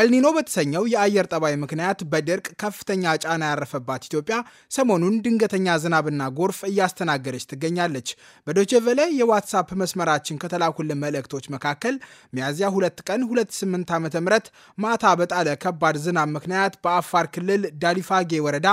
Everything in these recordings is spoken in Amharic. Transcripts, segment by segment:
ኤልኒኖ በተሰኘው የአየር ጠባይ ምክንያት በድርቅ ከፍተኛ ጫና ያረፈባት ኢትዮጵያ ሰሞኑን ድንገተኛ ዝናብና ጎርፍ እያስተናገደች ትገኛለች። በዶቼ የዋትሳፕ መስመራችን ከተላኩልን መልእክቶች መካከል ሚያዝያ 2 ቀን 28 ዓ ም ማታ በጣለ ከባድ ዝናብ ምክንያት በአፋር ክልል ዳሊፋጌ ወረዳ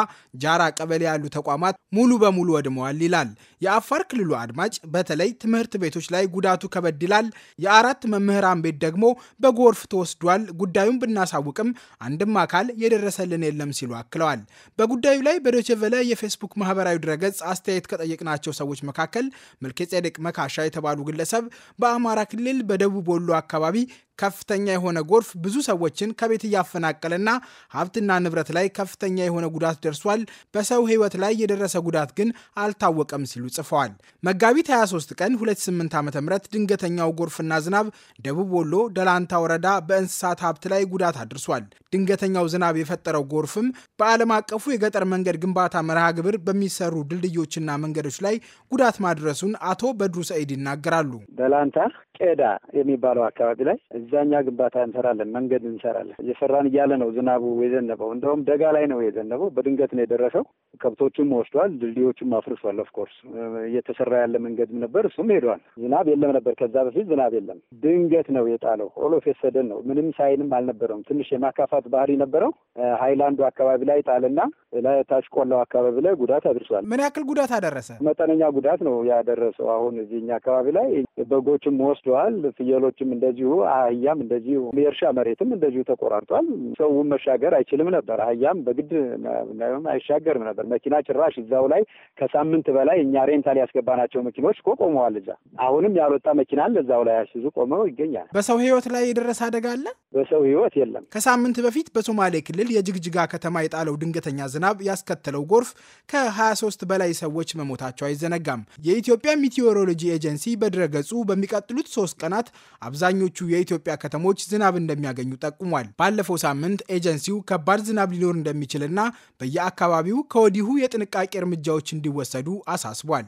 ጃራ ቀበሌ ያሉ ተቋማት ሙሉ በሙሉ ወድመዋል ይላል። የአፋር ክልሉ አድማጭ በተለይ ትምህርት ቤቶች ላይ ጉዳቱ ከበድ ይላል። የአራት መምህራን ቤት ደግሞ በጎርፍ ተወስዷል። ጉዳዩን ብናሳውቅም አንድም አካል የደረሰልን የለም ሲሉ አክለዋል። በጉዳዩ ላይ በዶችቨለ የፌስቡክ ማህበራዊ ድረገጽ አስተያየት ከጠየቅናቸው ሰዎች መካከል መልከጼዴቅ መካሻ የተባሉ ግለሰብ በአማራ ክልል በደቡብ ወሎ አካባቢ ከፍተኛ የሆነ ጎርፍ ብዙ ሰዎችን ከቤት እያፈናቀለና ሀብትና ንብረት ላይ ከፍተኛ የሆነ ጉዳት ደርሷል። በሰው ሕይወት ላይ የደረሰ ጉዳት ግን አልታወቀም ሲሉ ጽፈዋል። መጋቢት 23 ቀን 28 ዓ ም ድንገተኛው ጎርፍና ዝናብ ደቡብ ወሎ ደላንታ ወረዳ በእንስሳት ሀብት ላይ ጉዳት አድርሷል። ድንገተኛው ዝናብ የፈጠረው ጎርፍም በዓለም አቀፉ የገጠር መንገድ ግንባታ መርሃ ግብር በሚሰሩ ድልድዮችና መንገዶች ላይ ጉዳት ማድረሱን አቶ በድሩ ሰኢድ ይናገራሉ። ደላንታ ቄዳ የሚባለው አካባቢ ላይ እዛኛ ግንባታ እንሰራለን፣ መንገድ እንሰራለን። እየሰራን እያለ ነው ዝናቡ የዘነበው። እንደውም ደጋ ላይ ነው የዘነበው። በድንገት ነው የደረሰው። ከብቶቹም ወስዷል፣ ድልድዮቹም አፍርሷል። ኦፍኮርስ እየተሰራ ያለ መንገድም ነበር፣ እሱም ሄዷል። ዝናብ የለም ነበር፣ ከዛ በፊት ዝናብ የለም። ድንገት ነው የጣለው። ኦሎፍ የሰደን ነው። ምንም ሳይንም አልነበረውም። ትንሽ የማካፋት ባህሪ ነበረው። ሀይላንዱ አካባቢ ላይ ጣልና ታች ቆላው አካባቢ ላይ ጉዳት አድርሷል። ምን ያክል ጉዳት አደረሰ? መጠነኛ ጉዳት ነው ያደረሰው። አሁን እዚህኛ አካባቢ ላይ በጎችም ወስደዋል፣ ፍየሎችም እንደዚሁ አህያም እንደዚሁ የእርሻ መሬትም እንደዚሁ ተቆራርጧል። ሰውን መሻገር አይችልም ነበር። አህያም በግድ አይሻገርም ነበር። መኪና ጭራሽ እዛው ላይ ከሳምንት በላይ እኛ ሬንታል ያስገባናቸው መኪኖች እኮ ቆመዋል። እዛ አሁንም ያልወጣ መኪና አለ እዛው ላይ ያስይዙ ቆመው ይገኛል። በሰው ህይወት ላይ የደረሰ አደጋ አለ? በሰው ህይወት የለም። ከሳምንት በፊት በሶማሌ ክልል የጅግጅጋ ከተማ የጣለው ድንገተኛ ዝናብ ያስከተለው ጎርፍ ከ23 በላይ ሰዎች መሞታቸው አይዘነጋም። የኢትዮጵያ ሚቴዎሮሎጂ ኤጀንሲ በድረገጹ በሚቀጥሉት ሶስት ቀናት አብዛኞቹ የኢትዮጵያ የኢትዮጵያ ከተሞች ዝናብ እንደሚያገኙ ጠቁሟል። ባለፈው ሳምንት ኤጀንሲው ከባድ ዝናብ ሊኖር እንደሚችልና በየአካባቢው ከወዲሁ የጥንቃቄ እርምጃዎች እንዲወሰዱ አሳስቧል።